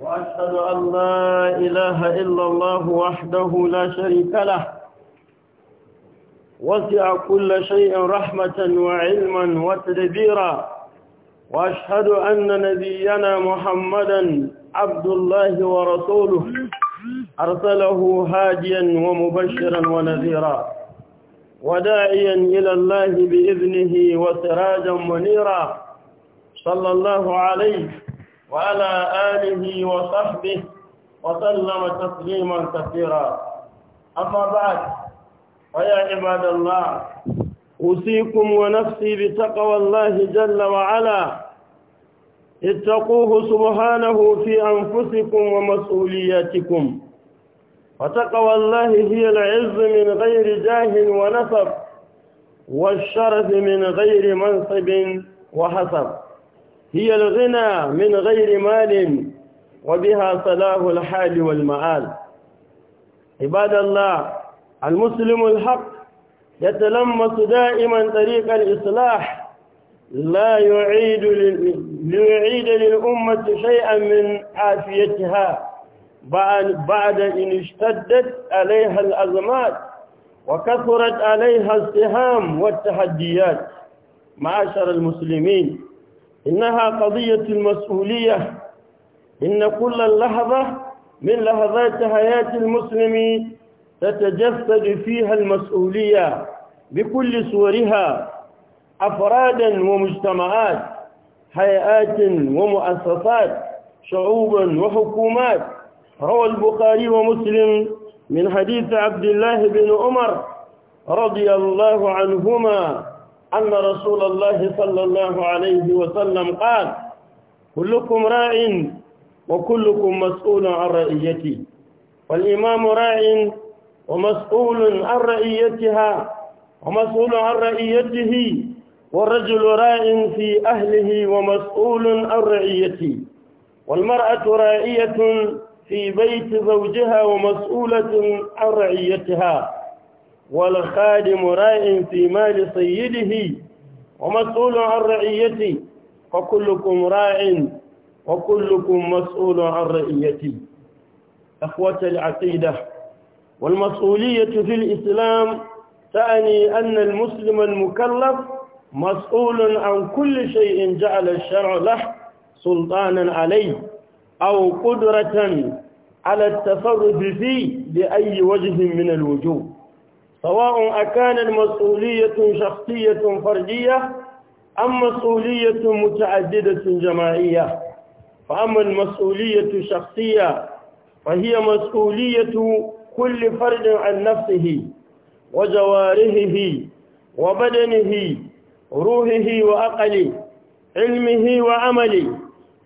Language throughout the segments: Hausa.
وأشهد أن لا إله إلا الله وحده لا شريك له وسع كل شيء رحمة وعلما وتدبيرا وأشهد أن نبينا محمدا عبد الله ورسوله أرسله هاديا ومبشرا ونذيرا وداعيا إلى الله بإذنه وسراجا منيرا صلى الله عليه وعلى آله وصحبه وسلم تسليما كثيرا أما بعد فيا عباد الله أوصيكم ونفسي بتقوى الله جل وعلا اتقوه سبحانه في أنفسكم ومسؤولياتكم وتقوى الله هي العز من غير جاه ونصب والشرف من غير منصب وحسب هي الغنى من غير مال وبها صلاح الحال والمآل عباد الله المسلم الحق يتلمس دائما طريق الإصلاح لا يعيد ليعيد للأمة شيئا من عافيتها بعد إن اشتدت عليها الأزمات وكثرت عليها السهام والتحديات معاشر المسلمين إنها قضية المسؤولية إن كل اللحظة من لحظات حياة المسلم تتجسد فيها المسؤولية بكل صورها أفرادا ومجتمعات هيئات ومؤسسات شعوبا وحكومات روى البخاري ومسلم من حديث عبد الله بن عمر رضي الله عنهما أن رسول الله صلى الله عليه وسلم قال كلكم راع وكلكم مسؤول عن رئيته والإمام راع ومسؤول عن رئيتها ومسؤول عن رئيته والرجل راع في أهله ومسؤول عن رعيته والمرأة راعية في بيت زوجها ومسؤولة عن رعيتها والخادم راع في مال سيده ومسؤول عن رعيته فكلكم راع وكلكم مسؤول عن رعيته أخوة العقيدة والمسؤولية في الإسلام تعني أن المسلم المكلف مسؤول عن كل شيء جعل الشرع له سلطانا عليه أو قدرة على التصرف فيه بأي وجه من الوجوه سواء أكانت مسؤولية شخصية فردية أم مسؤولية متعددة جماعية فأما المسؤولية الشخصية فهي مسؤولية كل فرد عن نفسه وجوارحه وبدنه روحه وأقله علمه وعمله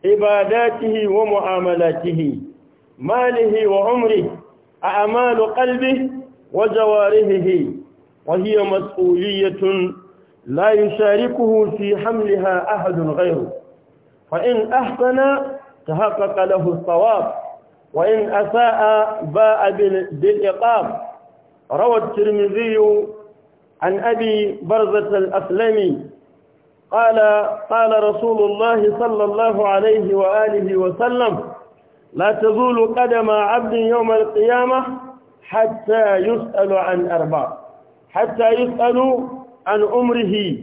عباداته ومعاملاته ماله وعمره أعمال قلبه وجوارحه وهي مسؤولية لا يشاركه في حملها أحد غيره فإن أحسن تحقق له الصواب وإن أساء باء بالإقام روى الترمذي عن أبي برزة الأسلمي قال قال رسول الله صلى الله عليه وآله وسلم لا تزول قدم عبد يوم القيامة حتى يسأل عن أربع حتى يسأل عن عمره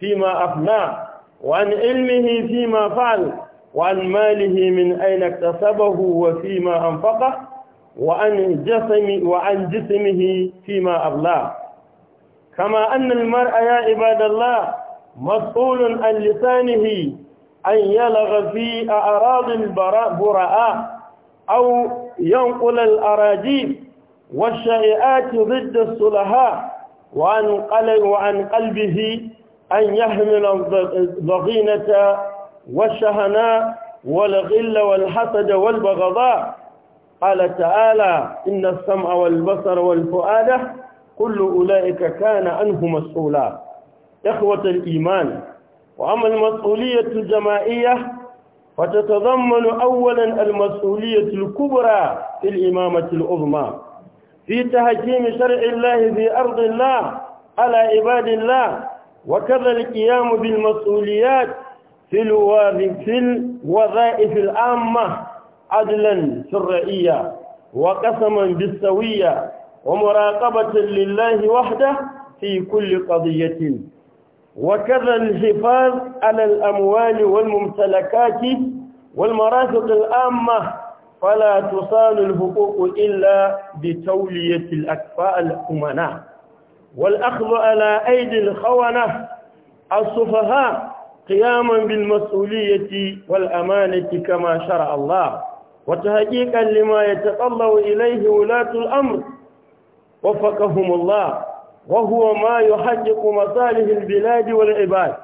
فيما أفنى وعن علمه فيما فعل وعن ماله من أين اكتسبه وفيما أنفقه وعن, جسم وعن جسمه فيما أبلى كما أن المرء يا عباد الله مسؤول عن لسانه أن يلغ في أراضي البراء أو ينقل الأراجيب والشائعات ضد الصلحاء وعن, قلب وعن قلبه أن يحمل الضغينة والشهناء والغل والحسد والبغضاء قال تعالى إن السمع والبصر والفؤاد كل أولئك كان عنه مسؤولا إخوة الإيمان وأما المسؤولية الجماعية فتتضمن أولا المسؤولية الكبرى في الإمامة العظمى في تهجيم شرع الله في أرض الله على عباد الله وكذا القيام بالمسؤوليات في الوظائف العامة عدلا في الرئية وقسما بالسوية ومراقبة لله وحده في كل قضية وكذا الحفاظ على الأموال والممتلكات والمرافق العامة فلا تصال الحقوق إلا بتولية الأكفاء الأمناء والأخذ على أيدي الخونة السفهاء قياما بالمسؤولية والأمانة كما شرع الله وتهجيكا لما يتطلع إليه ولاة الأمر وفقهم الله وهو ما يحقق مصالح البلاد والعباد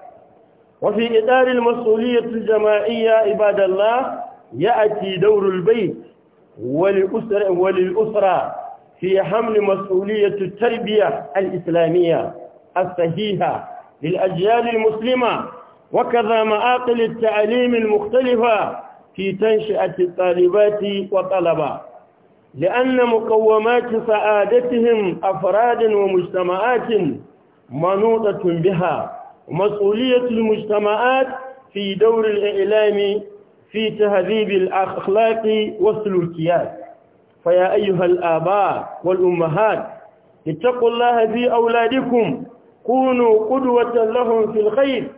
وفي إدار المسؤولية الجماعية عباد الله يأتي دور البيت وللأسرة, وللأسرة في حمل مسؤولية التربية الإسلامية الصحيحة للأجيال المسلمة وكذا معاقل التعليم المختلفة في تنشئة الطالبات والطلبة لأن مقومات سعادتهم أفراد ومجتمعات منوطة بها ومسؤولية المجتمعات في دور الإعلام في تهذيب الأخلاق والسلوكيات فيا أيها الآباء والأمهات اتقوا الله في أولادكم كونوا قدوة لهم في الخير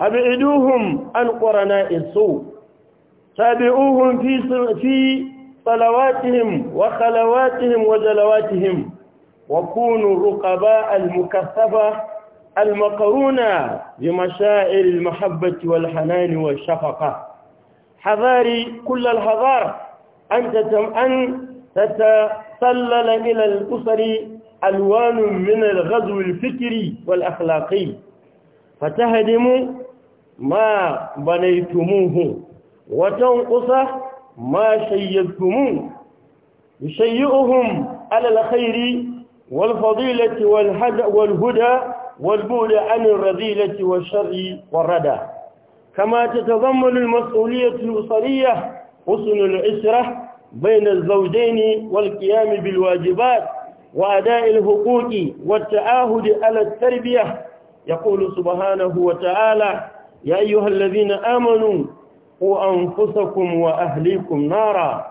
أبعدوهم عن قرناء السوء تابعوهم في في صلواتهم وخلواتهم وجلواتهم وكونوا الرقباء المكثفة المقرونة بمشاعر المحبة والحنان والشفقة حضاري كل الحضار أن تتسلل إلى الأسر ألوان من الغزو الفكري والأخلاقي فتهدم ما بنيتموه وتنقص ما شيدتموه يشيئهم على الخير والفضيلة والهدى والبعد عن الرذيلة والشر والردى كما تتضمن المسؤولية الأسرية حسن الأسرة بين الزوجين والقيام بالواجبات وأداء الحقوق والتعاهد على التربية يقول سبحانه وتعالى يا أيها الذين آمنوا قوا أنفسكم وأهليكم نارا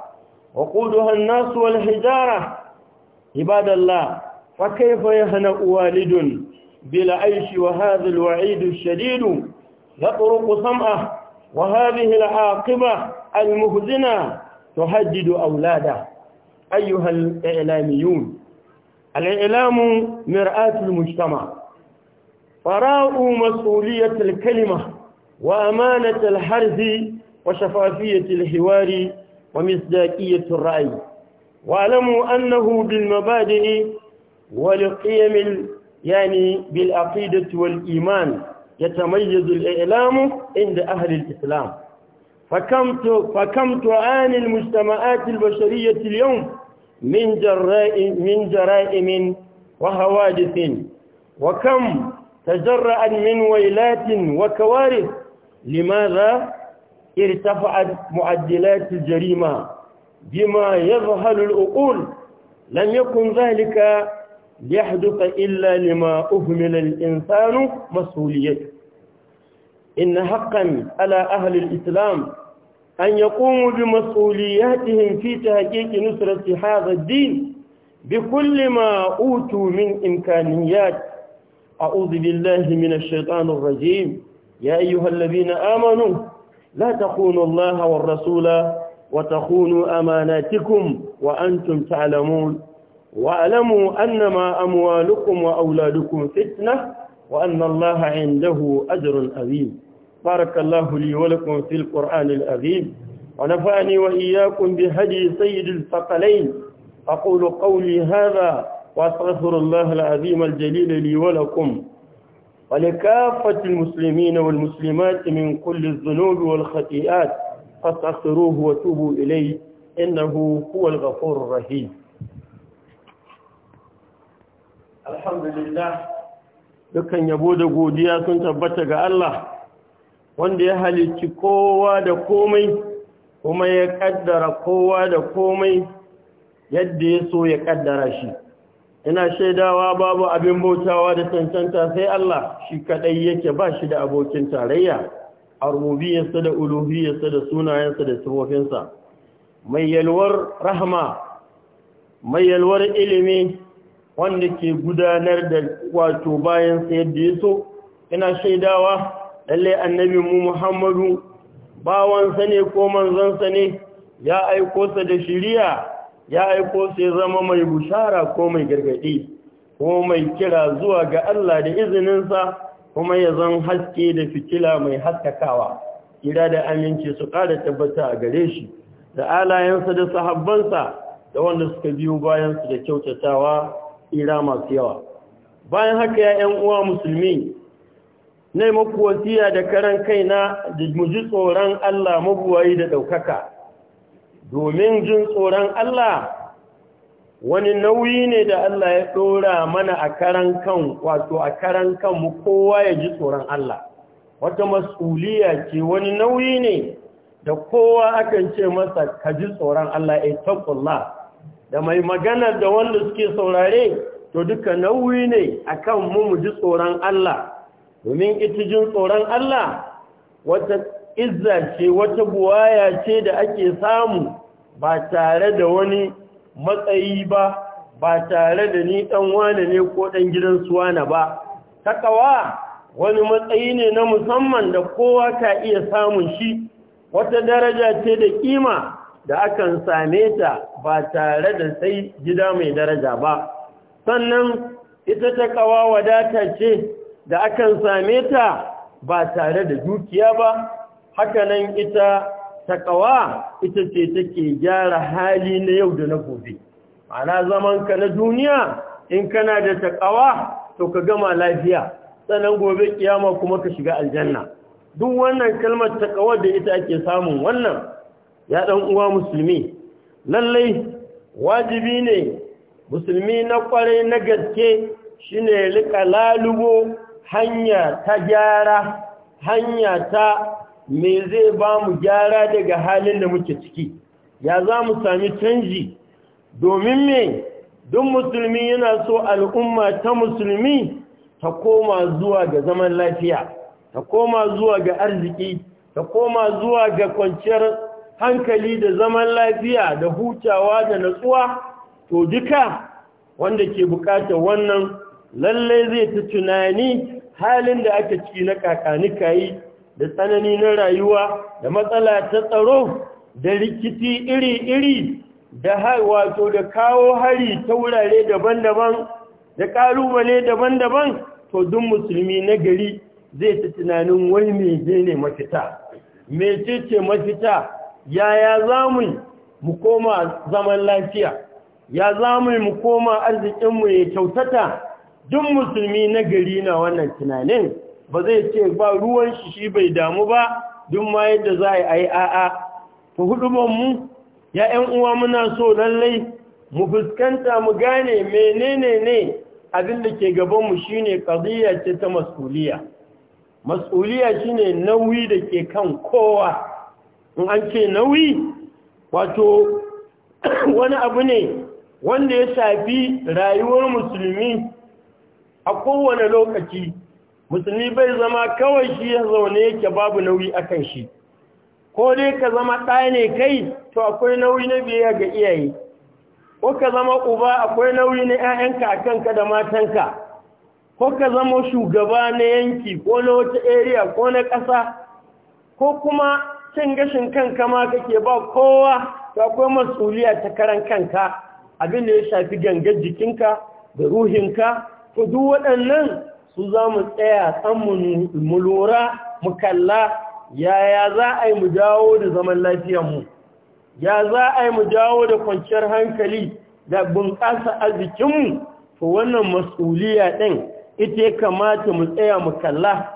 وقودها الناس والحجارة عباد الله فكيف يهنأ والد بالعيش وهذا الوعيد الشديد يطرق سمعه وهذه العاقبة المهزنة تهدد أولاده أيها الإعلاميون الإعلام مرآة المجتمع فراءوا مسؤولية الكلمة وأمانة الحرث وشفافية الحوار ومصداقية الرأي واعلموا أنه بالمبادئ والقيم يعني بالعقيدة والإيمان يتميز الإعلام عند أهل الإسلام فكم فكم تعاني المجتمعات البشرية اليوم من جرائم من جرائم وحوادث وكم تجرأ من ويلات وكوارث لماذا ارتفعت معدلات الجريمة بما يظهر العقول لم يكن ذلك يحدث إلا لما أهمل الإنسان مسؤوليته إن حقا على أهل الإسلام أن يقوموا بمسؤولياتهم في تحقيق نصرة هذا الدين بكل ما أوتوا من إمكانيات أعوذ بالله من الشيطان الرجيم يا أيها الذين آمنوا لا تخونوا الله والرسول وتخونوا أماناتكم وأنتم تعلمون واعلموا أنما أموالكم وأولادكم فتنة وأن الله عنده أجر عظيم بارك الله لي ولكم في القرآن العظيم ونفعني وإياكم بهدي سيد الثقلين أقول قولي هذا وأستغفر الله العظيم الجليل لي ولكم ولكافة المسلمين والمسلمات من كل الذنوب والخطيئات فاستغفروه وتوبوا إليه إنه هو الغفور الرحيم alhamdulillah dukkan yabo da godiya sun tabbata ga Allah wanda ya halicci kowa da komai kuma ya kaddara kowa da komai yadda ya so ya kaddara shi ina shaidawa babu abin bautawa da cancanta sai Allah shi kadai yake ba shi da abokin tarayya a da uluhiyarsa da sunayensa da sifofinsa mai yalwar rahma mai yalwar ilimi wanda ke gudanar da wato bayan sa yadda ya so ina shaidawa lalle annabi mu Muhammadu bawan sa ne ko manzon sa ne ya aiko sa da shiriya ya aiko sa zama mai bushara ko mai gargadi ko mai kira zuwa ga Allah da izinin sa kuma ya zan haske da fitila mai haskakawa kira da aminci su ƙara tabbata a gare shi da alayensa da sahabbansa da wanda suka biyo bayan su da kyautatawa tsira masu yawa bayan haka ya ‘yan uwa musulmi na maku wasiya da karan kaina da muji tsoron Allah mabuwayi da ɗaukaka domin jin tsoron Allah wani nauyi ne da Allah ya ɗora mana a karan kan wato a karan kanmu kowa ya ji tsoron Allah wata masuliya ce wani nauyi ne da kowa akan ce masa ka ji tsoron Allah ya tabbullah da mai magana da wanda suke saurare to duka nauyi ne akan mu mu ji tsoron Allah domin ita jin tsoron Allah wata izza ce wata buwaya ce da ake samu ba tare da wani matsayi ba ba tare da ni dan wane ne ko dan gidan suwana ba takawa wani matsayi ne na musamman da kowa ka iya samun shi wata daraja ce da kima da akan same ta ba tare da sai gida mai daraja ba sannan ita ta kawa wadata ce da akan same ta ba tare da dukiya ba hakanan ita ta kawa ita ce take gyara hali na yau da na gobe ana zaman ka na duniya in kana da ta taƙawa to ka gama lafiya sannan gobe kiyama kuma ka shiga aljanna duk wannan kalmar ta taƙawar da ita ake samun wannan ya ɗan uwa musulmi lallai wajibi ne musulmi na kwarai na gaske shi ne rika lalubo hanya ta gyara hanya ta me zai ba mu gyara daga halin da muke ciki ya za mu sami canji domin me duk musulmi yana so al'umma ta musulmi ta koma zuwa ga zaman lafiya ta koma zuwa ga arziki ta koma zuwa ga kwanciyar hankali da zaman lafiya da hutawa da natsuwa to duka wanda ke bukatar wannan lalle zai ta tunani halin da aka ci na kakanika yi da tsanani na rayuwa da matsala ta tsaro da rikici iri-iri da wato da kawo hari ta wurare daban-daban da ƙalubale daban-daban to duk musulmi na gari zai ta tunanin wani mece ne mafita mafita yaya za mu koma zaman lafiya ya za mu koma arzikinmu ya kyautata duk musulmi na gari na wannan tunanin ba zai ce ba ruwan shi shi bai damu ba duk ma yadda za a yi a'a ta mu? ya 'yan uwa muna so lallai mu fuskanta mu gane menene ne abin da ke gabanmu shine qadiyya ce ta mas'uliya mas'uliya ne nauyi da ke kan kowa in an ce nauyi wato wani abu ne wanda ya shafi rayuwar musulmi a kowane lokaci musulmi bai zama kawai shi ya zaune yake babu nauyi akan shi ko dai ka zama ɗaya ne kai to akwai nauyi na biya ga iyaye ko ka zama uba akwai nauyi na 'ya'yanka a kanka da matanka ko ka zama shugaba na yanki ko na wata area ko na ƙasa ko kuma cin gashin kanka ma kake ba kowa to akwai masuliya ta karan kanka abin da ya shafi gangar jikinka da ruhinka Ku duk waɗannan su za mu tsaya san mu lura mu kalla yaya za a yi mu dawo da zaman lafiyar mu, ya za a yi mu jawo da kwanciyar hankali da bunƙasa arzikinmu to wannan masuliya ɗin ita ya kamata mu tsaya mu kalla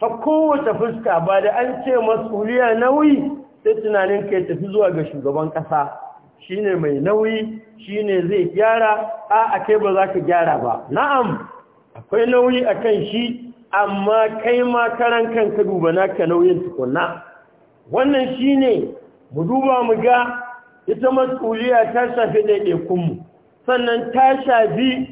ta kowace fuska ba da an ce masuliya nauyi sai tunanin kai tafi zuwa ga shugaban ƙasa shine mai nauyi shine zai gyara a kai ba za ka gyara ba na'am akwai nauyi akan shi amma kai ma karan kanka duba naka nauyin tukunna wannan shine mu duba mu ga ita masuliya ta shafi ɗaiɗaikunmu sannan ta shafi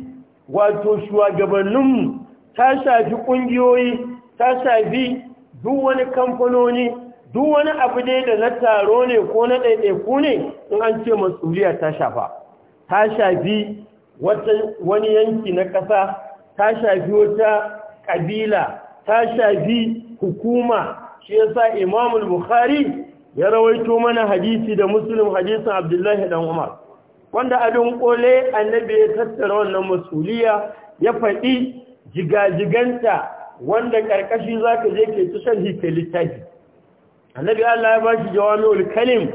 wato shugabanninmu ta shafi ƙungiyoyi ta shafi duk wani kamfanoni duk wani abu dai da na taro ne ko na ɗaiɗaiku ne in an ce masuriya ta shafa ta shafi wani yanki na ƙasa ta shafi wata ƙabila ta shafi hukuma shi ya sa imamul bukhari ya rawaito mana hadisi da musulun hadisin abdullahi dan umar wanda abin ƙole annabi ya tattara wannan masuliya ya faɗi jigajiganta wanda karkashi za ka je ke ci sharhi ke littafi annabi Allah ya bashi jawami'ul kalim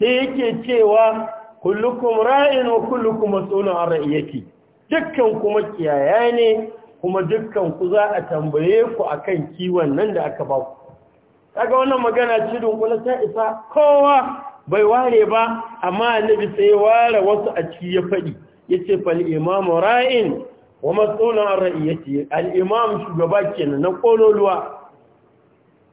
sai yake cewa kullukum ra'in wa kullukum mas'ulun an ra'iyati dukkan kuma kiyaya ne kuma dukkan ku za a tambaye ku akan kiwon nan da aka ba ku kaga wannan magana ce dunkula ta isa kowa bai ware ba amma annabi sai ware wasu a ciki ya faɗi yace fal imamu ra'in wa matsolin an al-imam shugaba kenan na ƙololuwa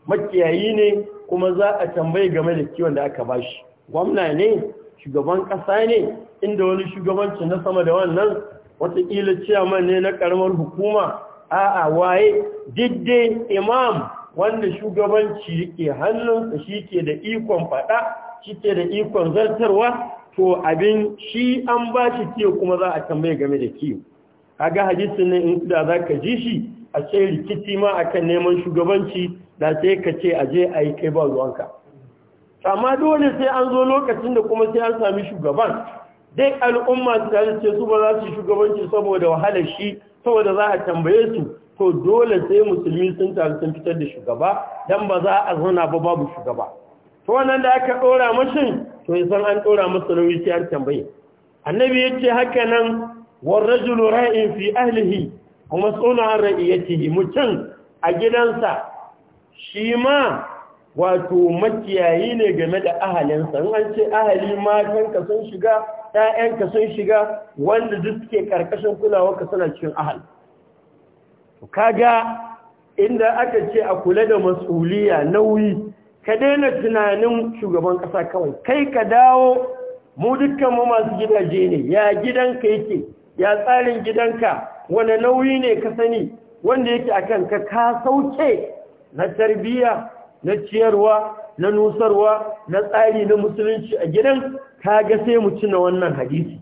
makiyayi ne kuma za a tambaye game da kiwon da aka bashi gwamna ne shugaban ƙasa ne inda wani shugabanci na sama da wannan wataƙila man ne na karamar hukuma a'a waye didde imam wanda shugabanci ke hannunsa shi ke da ikon faɗa shi da ikon zartarwa to abin shi an bashi shi kiyo kuma za a tambaye game da kiyo ga hadisi ne in da za ka ji shi a ce rikici ma akan neman shugabanci da ce ka ce a je a yi kai ba ruwanka amma dole sai an zo lokacin da kuma sai an sami shugaban dai al'umma su ta ce su ba za su shugabanci saboda wahalar shi saboda za a tambaye su to dole sai musulmi sun taru sun fitar da shugaba don ba za a zauna ba babu shugaba to wannan da aka dora mashin to san an dora masa nauyi sai an tambaye annabi ya ce haka nan والرجل راء في أهله ومسؤول عن رئيته متن أجلنسا شيما wato makiyayi ne game da ahalinsa in an ce ahali matanka sun shiga ‘ya'yanka sun shiga wanda duk suke ƙarƙashin kulawarka suna cikin ahal kaga inda aka ce a kula da masuliya nauyi ka daina tunanin shugaban ƙasa kawai kai ka dawo mu dukkanmu masu gidaje ne ya gidanka yake ya tsarin gidanka wane nauyi ne ka sani wanda yake a kanka ka sauke na tarbiyya na ciyarwa na nusarwa na tsari na musulunci a gidan ka ga sai mu cina wannan hadisi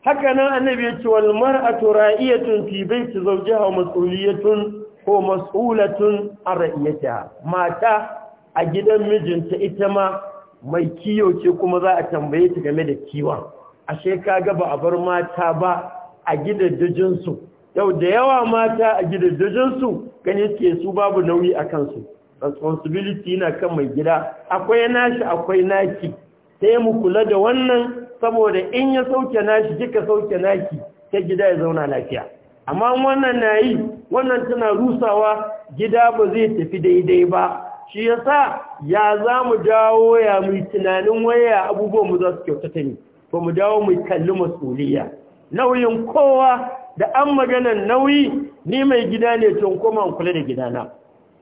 haka nan annabi ya ce wal mar'atu ra'iyatun fi baiti zawjiha wa mas'uliyatun ko mas'ulatun an ra'iyatiha mata a gidan mijinta ita ma mai kiyo ce kuma za a tambaye ta game da kiwon ashe kaga ba a bar mata ba a gidajensu yau da yawa mata a gidajensu gani suke su babu nauyi a kansu responsibility na kan mai gida akwai nashi akwai naki sai mu kula da wannan saboda in ya sauke nashi kika sauke naki ta gida ya zauna lafiya amma wannan na yi wannan tana rusawa gida ba zai tafi daidai ba shi ya sa ya za mu dawo ya mai tunanin waya abubuwan mu za su kyautata ne ba mu dawo mai kalli masoliya nauyin kowa da an maganan nauyi ni mai gida ne tun kuma kula da gidana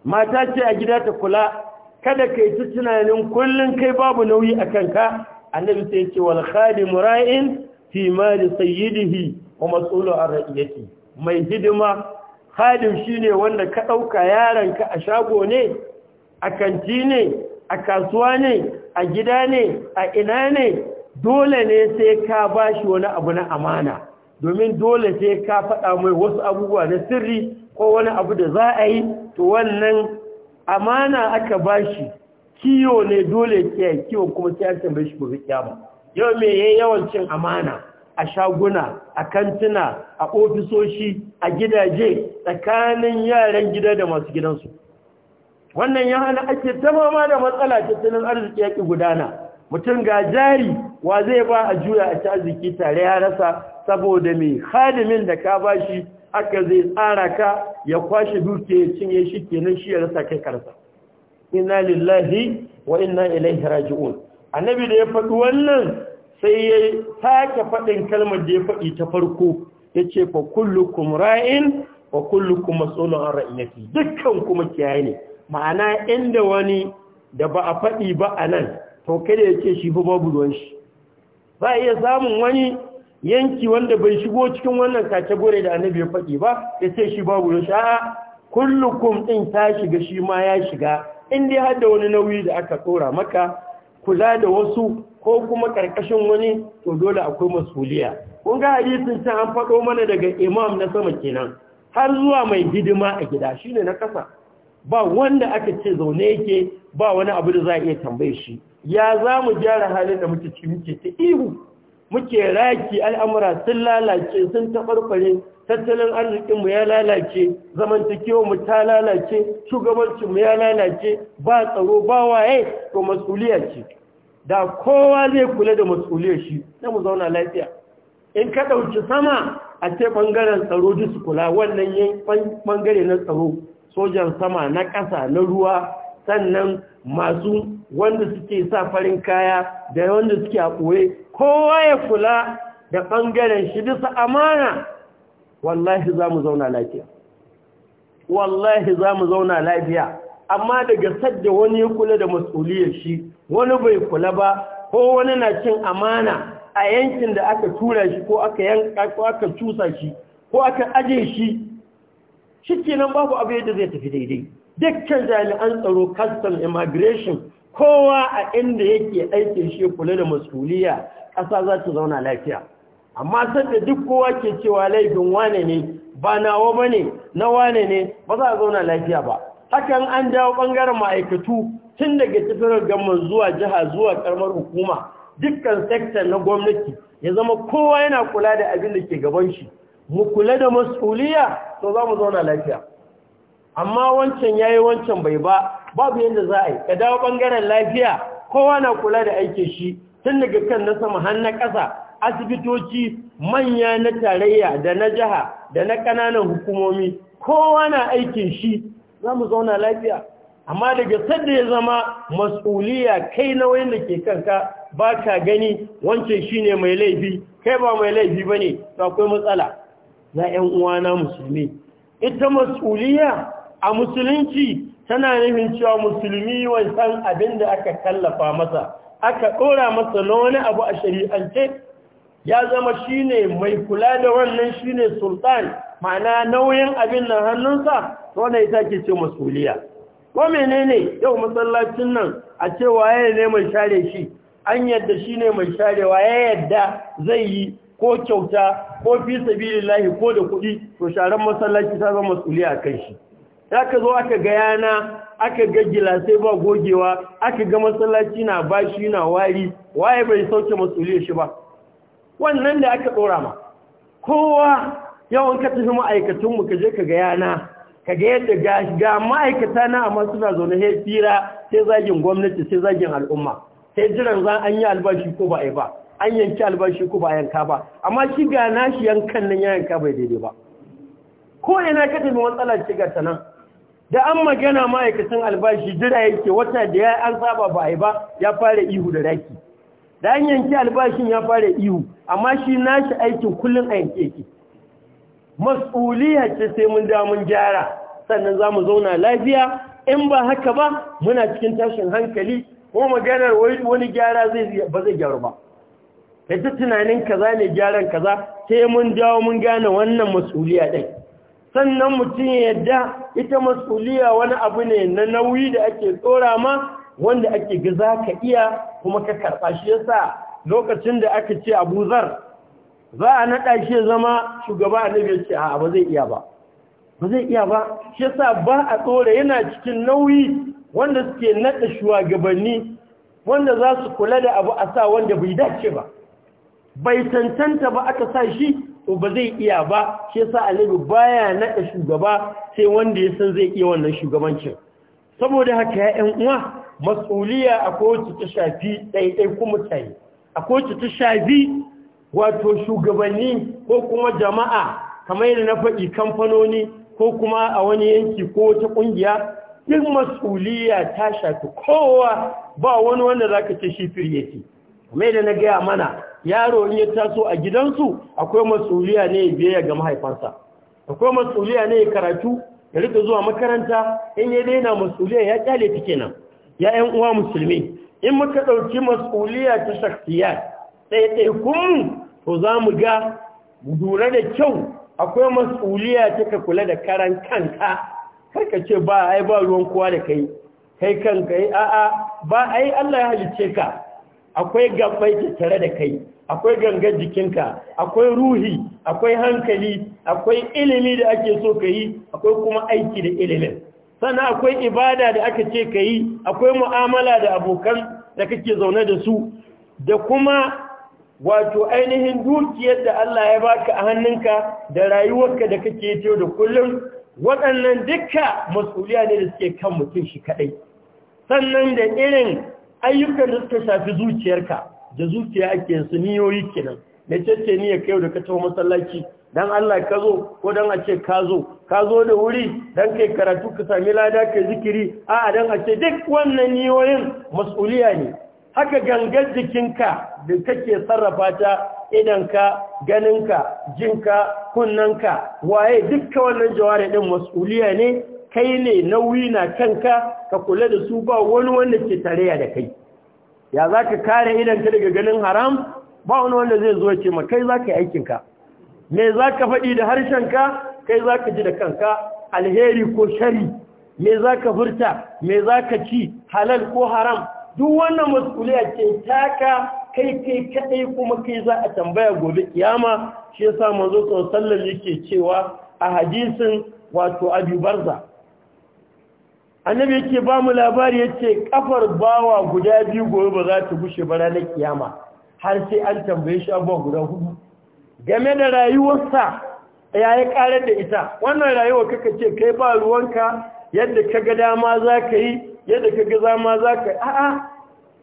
mata ce a gida ta kula kada ka yi tunanin kullum kai babu nauyi a kanka annabi sai ce wal khadim ra'in fi mali sayyidihi wa mas'ulu an ra'iyati mai hidima khadim shine wanda ka dauka ka a shago ne a kanti ne a kasuwa ne a gida ne a ina ne dole ne sai ka ba shi wani abu na amana domin dole sai ka faɗa mai wasu abubuwa na sirri ko wani abu da za a yi to wannan amana aka ba shi kiyo ne dole kiyaye kiwon kuma sai an tambaye shi gobe kyamu yau mai ya yawan cin amana a shaguna a kantina, a ofisoshi a gidaje tsakanin yaran gida da masu gidansu wannan ya hana ake tamama da matsala tattalin arziki yaki gudana mutum ga jari wa zai ba a juya a ci arziki tare ya rasa saboda mai hadimin da ka ba shi aka zai tsara ka ya kwashe duke cinye shi kenan shi ya rasa kai karsa Ina lillahi wa inna ilaihi raji'un annabi da ya faɗi wannan sai ya sake faɗin kalmar da ya faɗi ta farko ya ce fa kullukum ra'in wa kullukum mas'ulun an ra'iyati dukkan kuma kiyaye ne ma'ana inda wani da ba a faɗi ba a nan to kada ya ce shi fa babu ruwan shi ba iya samun wani yanki wanda bai shigo cikin wannan kategori da annabi ya faɗi ba ya ce shi babu ruwan shi a'a kullukum din ta shiga shi ma ya shiga in dai har da wani nauyi da aka tsora maka kula da wasu ko kuma karkashin wani to dole akwai masuliya kun ga hadisin can an faɗo mana daga imam na sama kenan har zuwa mai hidima a gida shine na kasa ba wanda aka ce zaune yake ba wani abu da za a iya tambaye shi ya za mu gyara halin da muke ciki muke ta ihu muke raki al'amura sun lalace sun taɓarɓare tattalin arzikinmu ya lalace mu ta lalace shugabancinmu ya lalace ba tsaro ba waye to masuliya ce da kowa zai kula da masuliyar shi na mu zauna lafiya in ka ɗauki sama a ce ɓangaren tsaro duk su kula wannan yin ɓangare na tsaro sojan sama na ƙasa na ruwa sannan masu wanda suke sa farin kaya da wanda suke a kowa ya kula da ɓangaren shi bisa amana wallahi za mu zauna lafiya wallahi za mu zauna lafiya amma daga sadda wani ya kula da matsuliyar shi wani bai kula ba ko wani na cin amana a yankin da aka tura shi ko aka yanka ko aka cusa shi ko aka aje shi shi kenan babu abu yadda zai tafi daidai dukkan jami'an tsaro custom immigration kowa a inda yake aikin shi kula da masuliya ƙasa za ta zauna lafiya amma sanda duk kowa ke cewa laifin wane ne ba nawa ba ne na wane ne ba za a zauna lafiya ba hakan an dawo ɓangaren ma'aikatu tun daga tafirar gamman zuwa jiha zuwa karamar hukuma dukkan sekta na gwamnati ya zama kowa yana kula da abin da ke gaban shi mu kula da masuliya to za mu zauna lafiya amma wancan ya yi wancan bai ba babu yadda za a yi ka dawo ɓangaren lafiya kowa na kula da aikin shi tun daga kan na sama har na ƙasa asibitoci manya na tarayya da na jiha da na ƙananan hukumomi kowa na aikin shi za mu zauna lafiya amma daga sadda ya zama masuliya kai na da ke kanka ba ka gani wancan shi ne mai laifi kai ba mai laifi ba ne akwai matsala na 'yan uwana musulmi ita masuliya a musulunci tana nufin cewa musulmi wancan abin da aka kallafa masa aka ɗora masa na wani abu a shari'ance ya zama shine mai kula da wannan shine sultan ma'ana nauyin abin nan hannunsa wannan ita ke ce masuliya ko menene yau masallacin nan a ce waye ne mai share shi an yadda shine mai sharewa ya yadda zai yi ko kyauta ko fi lahi ko da kuɗi to sharan masallaci ta zama masuliya kan shi ya ka zo aka ga yana aka ga gilasai ba gogewa aka ga masallaci na bashi na wari waye bai sauke masuliyar shi ba wannan da aka ɗora ma kowa yawan ka tafi ma'aikatunmu ka je ka ga yana ka ga yadda ga ma'aikata na amma suna zaune sai tsira sai zagin gwamnati sai zagin al'umma sai jiran za an yi albashi ko ba a yi ba an yanki albashi ko ba a yanka ba amma shi ga nashi yankan nan ya yanka bai daidai ba ko ina ka tafi matsalar ce ta nan da an magana ma'aikacin albashi jira yake wata da ya an saba ba a yi ba ya fara ihu da raki da an yanki albashin ya fara ihu amma shi nashi aikin kullum a yanke yake mas'uliya ce sai mun da mun gyara sannan za mu zauna lafiya in ba haka ba muna cikin tashin hankali ko maganar wani gyara zai ba zai gyaru ba da ta tunanin kaza ne gyaran kaza sai mun dawo mun gane wannan mas'uliya ɗai sannan mutum ya yadda ita masuliya wani abu ne na nauyi da ake tsora ma wanda ake ga ka iya kuma ka karɓa shi yasa lokacin da aka ce abu zar za a naɗa shi zama shugaba a nabi ce a ba zai iya ba ba zai iya ba shi yasa ba a tsora yana cikin nauyi wanda suke naɗa shugabanni wanda za su kula da abu a sa wanda bai dace ba bai tantanta ba aka sa shi to ba zai iya ba shi yasa annabi baya naɗa shugaba sai wanda ya san zai iya wannan shugabancin saboda haka ya'yan uwa masuliya akwai wacce ta shafi ɗaiɗai kuma tsaye akwai wacce ta shafi wato shugabanni ko kuma jama'a kamar yadda na faɗi kamfanoni ko kuma a wani yanki ko wata ƙungiya duk masuliya ta shafi kowa ba wani wanda za ka ce shi firye mai da na gaya mana yaro in ya taso a gidansu akwai masuliya ne ya biya ga mahaifansa akwai masuliya ne ya karatu ya rika zuwa makaranta in ya daina masuliya ya kyale ta kenan ya yan uwa musulmi in muka ɗauki masuliya ta shakhsiyat ɗaiɗaikun to za mu ga lura da kyau akwai masuliya ta ka kula da karan kanka ka ce ba ai ba ruwan kowa da kai kai kanka a'a ba ai Allah ya halicce ka akwai gabbai tare da kai akwai gangan jikinka akwai ruhi akwai hankali akwai ilimi da ake so ka yi akwai kuma aiki da ilimin sannan akwai ibada da aka ce ka yi akwai mu'amala da abokan da kake zaune da su da kuma wato ainihin dukiyar da Allah ya baka a hannunka da rayuwarka da kake yi da kullum waɗannan dukka masuliya ne da suke kan mutum shi kaɗai sannan da irin ayyukan da suka shafi zuciyarka da zuciya ake su niyoyi kenan na cece ya kai da ka taho masallaci dan Allah ka zo ko dan a ce ka zo ka zo da wuri dan kai karatu ka sami lada kai zikiri a dan a ce duk wannan niyoyin mas'uliya ne haka gangar jikinka da kake sarrafa ta idanka ganinka jinka kunnanka waye dukkan wannan jawari din mas'uliya ne kai ne nauyi na kanka ka kula da su ba wani wanda ke tarayya da kai ya za ka kare idanka daga ganin haram ba wani wanda zai zo ce ma kai za ka yi ka me za ka faɗi da harshen ka? kai za ka ji da kanka alheri ko shari me za ka furta me za ka ci halal ko haram duk wannan masuliya ke taka kai kai kaɗai kuma kai za a tambaya gobe kiyama shi yasa manzo sallallahu alaihi wasallam yake cewa a hadisin wato abu Barza annabi yake ba mu labari yace kafar bawa guda biyu gobe ba za ta bushe ba ranar kiyama har sai an tambaye shi abuwa guda hudu game da rayuwarsa ya yi karar da ita wannan rayuwar kaka ce kai ba ruwanka yadda ka ga dama za ka yi yadda ka ga zama za ka yi a'a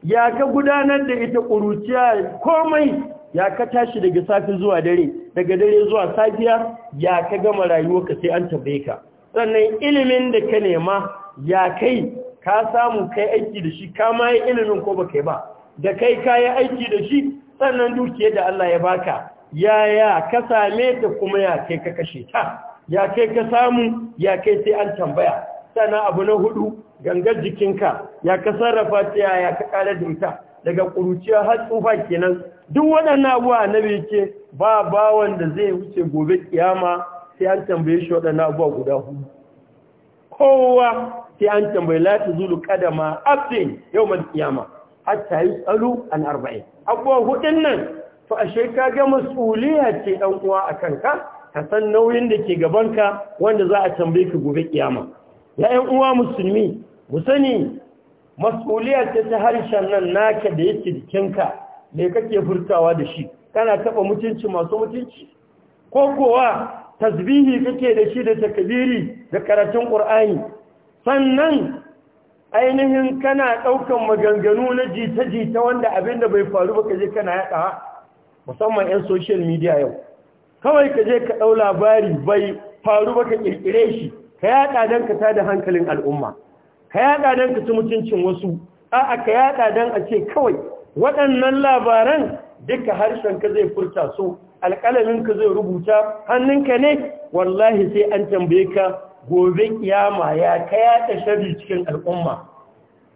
ya ka gudanar da ita ƙuruciya komai ya ka tashi daga safi zuwa dare daga dare zuwa safiya ya ka gama rayuwarka sai an tambaye ka sannan ilimin da ka nema ya kai ka samu kai aiki da shi ka ma ilimin ko ba kai ba da kai ka yi aiki da shi sannan dukiyar da Allah ya baka ya ya ka same ta kuma ya kai ka kashe ta ya kai ka samu ya kai sai an tambaya sannan abu na hudu gangar jikinka ya ka sarrafa ta ya ya ka kare da ita daga kuruciya har tsufa kenan duk waɗannan abuwa annabi yake ba bawan da zai wuce gobe kiyama sai an tambaye shi waɗannan abuwa guda hudu kowa sai an tambayi la tazulu qadama abdin yawmal qiyama hatta tsalu an arba'in abuwa hudun nan to ashe ka ga masuliya ce dan uwa akan ka ka san nauyin da ke gabanka wanda za a tambaye ka gobe kiyama ya uwa musulmi mu sani mas'uliyya ce ta harshen nan naka da yake jikinka me kake furtawa da shi kana taba mutunci masu mutunci ko kowa tasbihi kake da shi da takbiri da karatun qur'ani sannan ainihin kana ɗaukan maganganu na jita-jita wanda abin da bai faru ba ka je kana yaɗa musamman 'yan social media yau kawai ka je ka ɗau labari bai faru ba ka ƙirƙire shi ka yaɗa don ka tada hankalin al'umma ka yaɗa don ka ci mutuncin wasu a'a ka yaɗa don a ce kawai waɗannan labaran duka harshen ka zai furta so? alƙalamin ka zai rubuta hannunka ne wallahi sai an tambaye ka gobe kiyama ya ka da shari cikin al'umma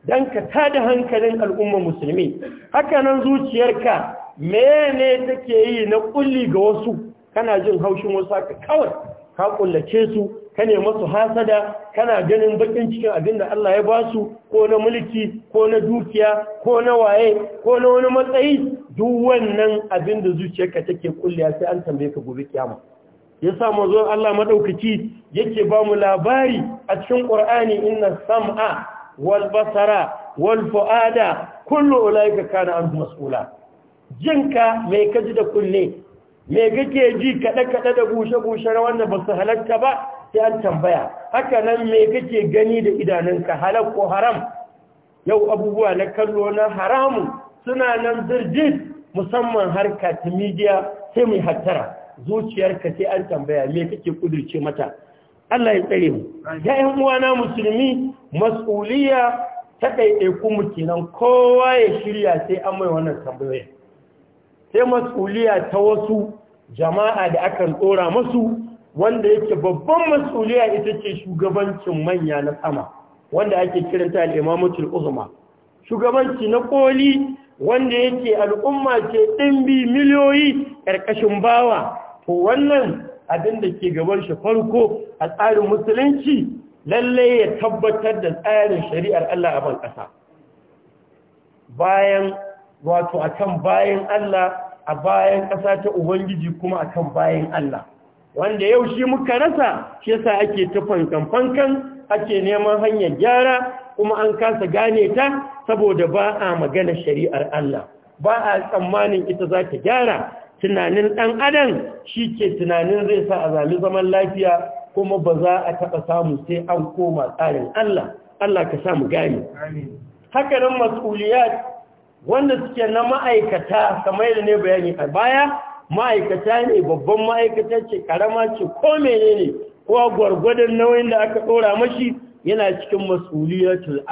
don ka ta da hankalin al'umma musulmi hakanan zuciyarka mene take yi na kulli ga wasu kana jin haushin wasu haka kawai ka kullace su ka ne masu hasada kana ganin bakin cikin abin da Allah ya ba su? ko na mulki ko na dukiya ko na waye ko na wani matsayi duk wannan abin da zuciyarka take kulliya sai an tambaye ka gobe kiyama ya sa mazon Allah madaukaki yake ba mu labari a cikin ƙur'ani inna sam'a wal basara wal fu'ada kullu ulaika kana an mas'ula jinka mai kaji da kunne mai kake ji kada kada da bushe bushe wanda ba su halarta ba sai an tambaya haka nan mai kake gani da idanunka halal ko haram yau abubuwa na kallo na haramu suna nan zirjit musamman harka ta midiya sai mai hattara zuciyarka sai an tambaya me kake kudirce mata Allah ya tsare mu ya yan uwana musulmi mas'uliya ta ɗaiɗaiku mu kenan kowa ya shirya sai an mai wannan tambayoyin sai mas'uliya ta wasu jama'a da akan tsora masu wanda yake babban mas'uliya ita ce shugabancin manya na sama wanda ake kiranta al'imamatul uzma shugabanci na koli wanda yake al'umma ce bi miliyoyi ƙarƙashin bawa ko wannan abin da ke gaban shi farko a tsarin musulunci lalle ya tabbatar da tsarin shari'ar Allah a ban ƙasa bayan wato akan bayan Allah a bayan ƙasa ta ubangiji kuma akan bayan Allah wanda yau shi muka rasa shi yasa ake ta fankan fankan ake neman hanyar gyara kuma an kasa gane ta saboda ba a magana shari'ar Allah ba a tsammanin ita za ta gyara tunanin ɗan adam shi ke tunanin zai sa a zami zaman lafiya kuma ba za a taɓa samu sai an koma tsarin Allah Allah ka samu gani Hakanin masuliyat wanda suke na ma'aikata kamar da ne bayani a baya ma'aikata ne babban ma'aikata ce ƙarama ce ko menene ko gwargwadon nauyin da aka ɗora mashi yana cikin masuliyatul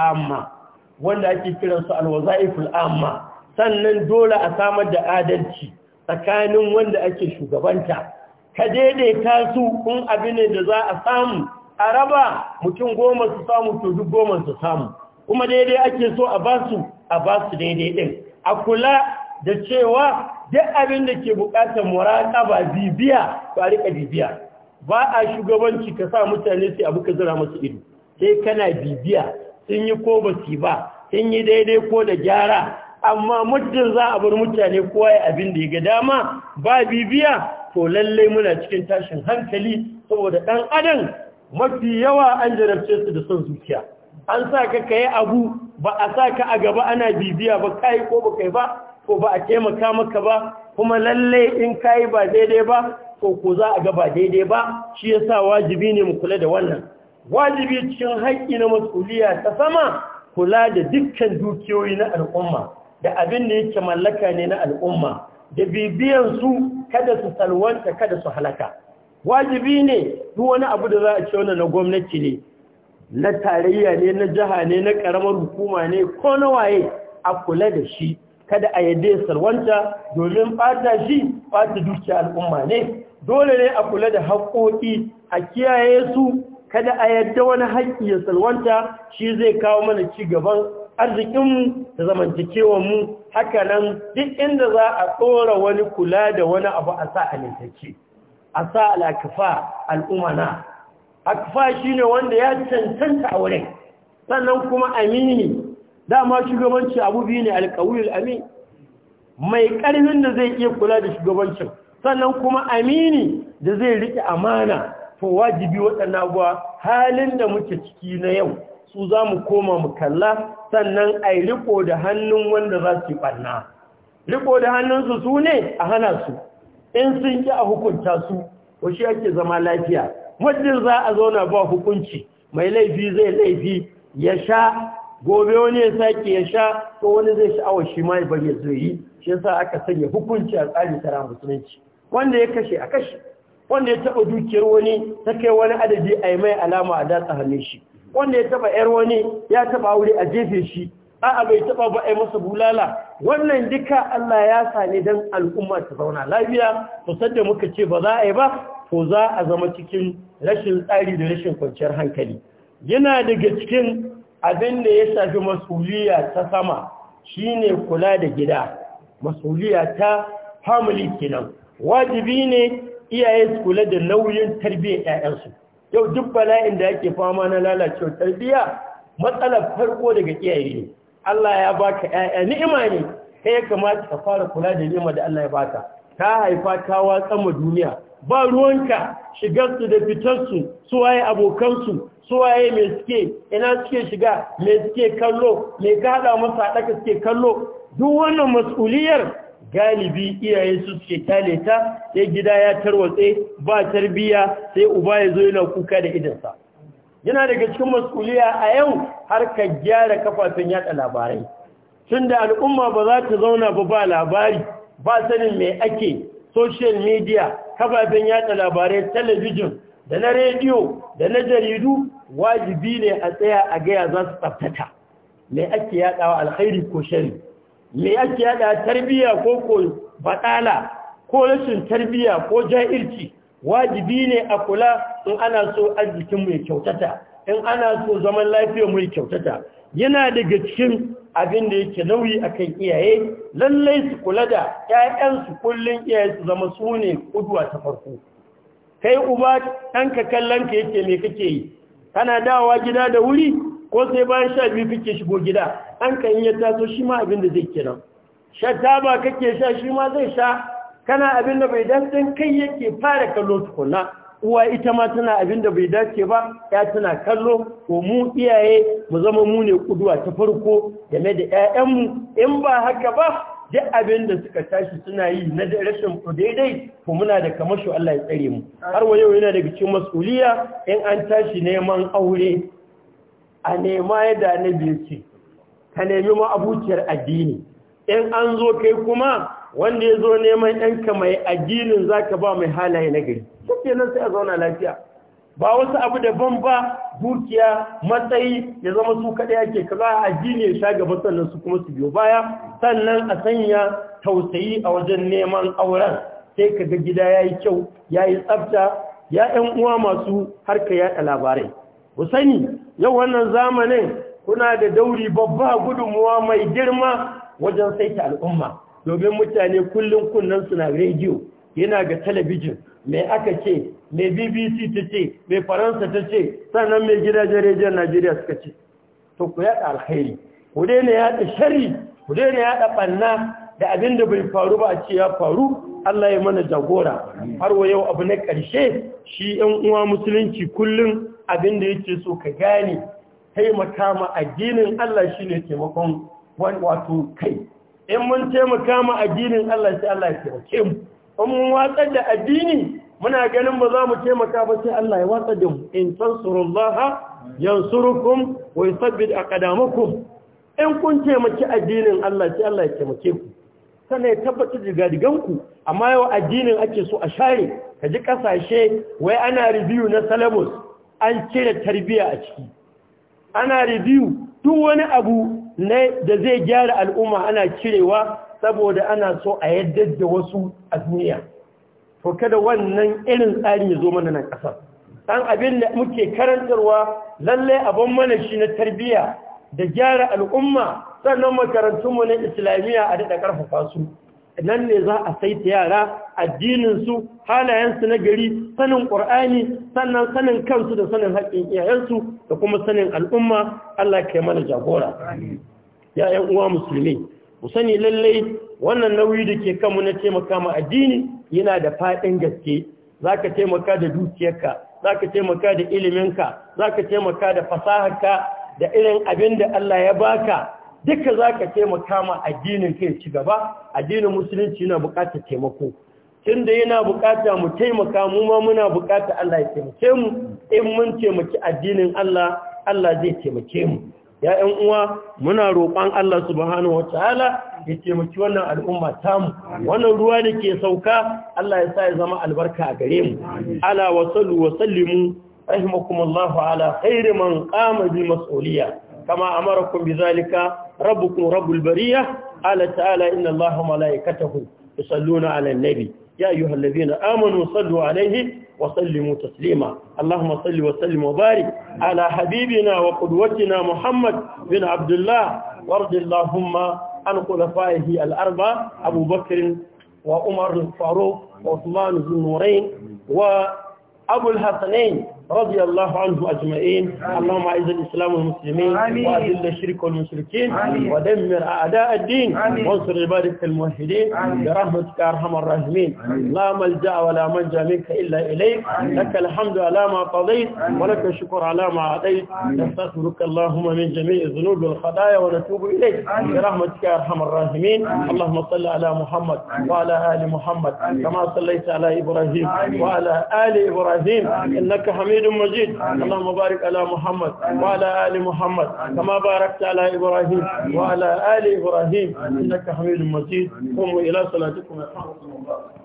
wanda ake sannan dole a samar da adalci tsakanin wanda ake shugabanta ka daidaita su kun abin da za a samu a raba mutum goma su samu to duk goma su samu kuma daidai ake so a ba su a ba su daidai din a kula da cewa duk abin da ke bukatar ba bibiya ba rika bibiya ba a shugabanci ka sa mutane sai abu ka zira masu ido sai kana bibiya sun yi ko ba su ba sun yi daidai ko da gyara amma muddin za a bar mutane kowa ya abin da ya ga dama ba bibiya to lallai muna cikin tashin hankali saboda ɗan adam mafi yawa an jarabce su da son zuciya an sa ka kai abu ba a sa ka a gaba ana bibiya ba kai ko ba kai ba ko ba a taimaka maka ba kuma lallai in kai ba daidai ba ko ko za a ga ba daidai ba shi yasa wajibi ne mu kula da wannan wajibi cikin haƙƙi na masuliya ta sama kula da dukkan dukiyoyi na al'umma da abin da yake mallaka ne na al'umma da bibiyan su kada su salwanta kada su halaka wajibi ne duk wani abu da za a ce wannan na gwamnati ne na tarayya ne na jiha ne na karamar hukuma ne ko na waye a kula da shi kada a yadda salwanta domin bata shi bata dukiya al'umma ne dole ne a kula da haƙoƙi a kiyaye su kada a yadda wani haƙƙi ya salwanta shi zai kawo mana ci gaban arzikinmu da zamantakewanmu haka nan duk inda za a tsora wani kula da wani abu a sa alintake a sa al'akafa al'umana Akifa shi ne wanda ya cancanta a wurin sannan kuma amini dama shugabanci abu biyu ne alkawuyul amin mai ƙarfin da zai iya kula da shugabancin sannan kuma amini da zai riƙe amana to wajibi waɗannan abuwa halin da muke ciki na yau su za mu koma mu kalla sannan a yi riko da hannun wanda za su yi ɓanna riko da hannunsu su ne a hana su in sun ki a hukunta su ko shi ake zama lafiya muddin za a zauna ba hukunci mai laifi zai laifi ya sha gobe wani ya sake ya sha ko wani zai sha'awar shi ma ba zai yi shi yasa aka sanya hukunci a tsarin tara musulunci wanda ya kashe a kashe wanda ya taɓa dukiyar wani ta kai wani adadi a yi mai alama a datsa hannun shi wanda ya taba yar wani ya taba aure a jefe shi a'a bai taba ba yi masa bulala wannan duka Allah ya sani don al'umma ta zauna lafiya to sadda muka ce ba za a yi ba to za a zama cikin rashin tsari da rashin kwanciyar hankali yana daga cikin abin da ya shafi masuliya ta sama shine kula da gida masuliya ta family kenan wajibi ne iyaye su kula da nauyin tarbiyyar 'ya'yansu yau duk bala'in da yake fama na lalacewar tarbiya matsalar farko daga iyaye ne Allah ya baka ƴaƴa ni'ima ne kai ya kamata ka fara kula da ni'ma da Allah ya baka ka haifa ka watsa ma duniya ba ruwanka shigar su da fitar su su waye abokan su su waye me suke ina suke shiga me suke kallo me ka hada masa haɗaka suke kallo duk wannan mas'uliyar galibi iyaye su suke tale ta sai gida ya tarwatse ba tarbiya sai uba ya zo yana kuka da idansa yana daga cikin masuliya a yau har ka gyara kafafen yada labarai Tunda al'umma ba za ta zauna ba ba labari ba sanin mai ake social media kafafen yada labarai talabijin da na rediyo da na jaridu wajibi ne a tsaya a gaya za su tsaftata mai ake yadawa alkhairi ko shari'a me ake yada tarbiya ko ko batala ko rashin tarbiya ko jahilci wajibi ne a kula in ana so arzikin mai kyautata in ana so zaman lafiya mai kyautata yana daga cikin abin da yake nauyi akan iyaye lallai su kula da 'ya'yansu kullun iyaye su zama su ne ta farko kai uba ɗanka kallon ka yake me kake yi kana dawowa gida da wuri ko sai bayan sha biyu kake shigo gida an kan yi ya taso shi ma abin da zai kira sha taba kake sha shi ma zai sha kana abin da bai dace kai yake fara kallo tukuna uwa ita ma tana abin da bai dace ba ya tana kallo ko mu iyaye mu zama mu ne kuduwa ta farko game da ƴaƴanmu in ba haka ba duk abin da suka tashi suna yi na rashin ku daidai ko muna da shi Allah ya tsare mu har wa yau yana daga cikin mas'uliya in an tashi neman aure a nema yadda biyu ce ka nemi ma abuciyar addini in an zo kai kuma wanda ya zo neman ɗanka mai addinin za ka ba mai halaye na gari kake nan sai a zauna lafiya ba wasu abu daban ba bukiya matsayi ya zama su kaɗai ake za a addini ya sha gaba sannan su kuma su biyo baya sannan a sanya tausayi a wajen neman auren sai ka ga gida ya yi kyau ya yi tsafta ya ‘yan uwa masu harka yaɗa labarai ku sani yau wannan zamanin kuna da dauri babba gudunmuwa mai girma wajen saita al'umma domin mutane kullum kunnen suna rediyo yana ga talabijin mai aka ce mai bbc ta ce mai faransa ta ce sannan mai gidajen rediyon najeriya suka ce to ku yada alkhairi ku daina yada shari ku daina yada banna da abin da bai faru ba a ce ya faru Allah ya mana jagora har wa yau abu na ƙarshe shi ‘yan uwa musulunci kullum abin da yake so ka gane taimaka ma addinin Allah shi ne taimakon wato kai in mun taimaka ma addinin Allah sai Allah ya taimake mu in mun watsar da addini muna ganin ba za mu taimaka ba sai Allah ya watsar da mu in tansurullaha yansurukum wa yuthabbit aqdamakum in kun taimaki addinin Allah sai Allah ya taimake ku sannan ya tabbatar da gadiganku amma yau addinin ake so a share ka ji kasashe wai ana review na salamus an cire tarbiyya a ciki ana review duk wani abu ne da zai gyara al'umma ana cirewa saboda ana so a yadda da wasu a duniya to kada wannan irin tsarin ya zo mana nan ƙasar ɗan abin da muke karantarwa lallai abin mana shi na tarbiyya da gyara al'umma sannan makarantunmu na islamiyya a daɗa ƙarfafa su nan ne za a saita yara addininsu halayensu na gari sanin ƙur'ani sannan sanin kansu da sanin haƙƙin iyayensu da kuma sanin al'umma Allah kai mana jagora ya'yan uwa musulmi mu sani lallai wannan nauyi da ke kanmu na taimaka ma addini yana da faɗin gaske za ka taimaka da dukiyarka za ka taimaka da iliminka za ka taimaka da fasaharka da irin abin da Allah ya baka duka za ka taimaka ma addinin kai ci gaba addinin musulunci yana buƙatar taimako tun da yana buƙata mu taimaka mu ma muna buƙata Allah ya taimake mu in mun taimaki addinin Allah Allah zai taimake mu ya ƴan uwa muna roƙon Allah subhanahu wataala ya taimaki wannan al'umma mu. wannan ruwa ne ke sauka Allah ya sa ya zama albarka a gare mu ala wa sallu wa rahimakumullahu ala khairi man qama bi mas'uliyya kama amarakum bizalika rabbukum rabbul bariyya ala ta'ala inna allaha malaikatahu yusalluna 'ala an-nabi ya ayyuhalladhina amanu sallu 'alayhi wa sallimu taslima allahumma salli wa sallim wa barik ala habibina wa qudwatina muhammad bin abdullah warḍi allahumma an khulafaihi al-arba abubakr wa umar al-faruq wa uthman al-nurayn wa abu al-hasanayn رضي الله عنه أجمعين اللهم أعز الإسلام والمسلمين وأذل الشرك والمشركين ودمر أعداء الدين وانصر عبادك الموحدين برحمتك أرحم الراحمين لا ملجأ ولا منجا منك إلا إليك لك الحمد على ما قضيت ولك الشكر على ما أعطيت نستغفرك اللهم من جميع الذنوب والخطايا ونتوب إليك برحمتك أرحم الراحمين اللهم صل على محمد وعلى آل محمد كما صليت على إبراهيم وعلى آل إبراهيم إنك حميد حميد مجيد اللهم بارك على محمد وعلى آل محمد كما باركت على إبراهيم وعلى آل إبراهيم إنك حميد مجيد قوموا إلى صلاتكم يرحمكم الله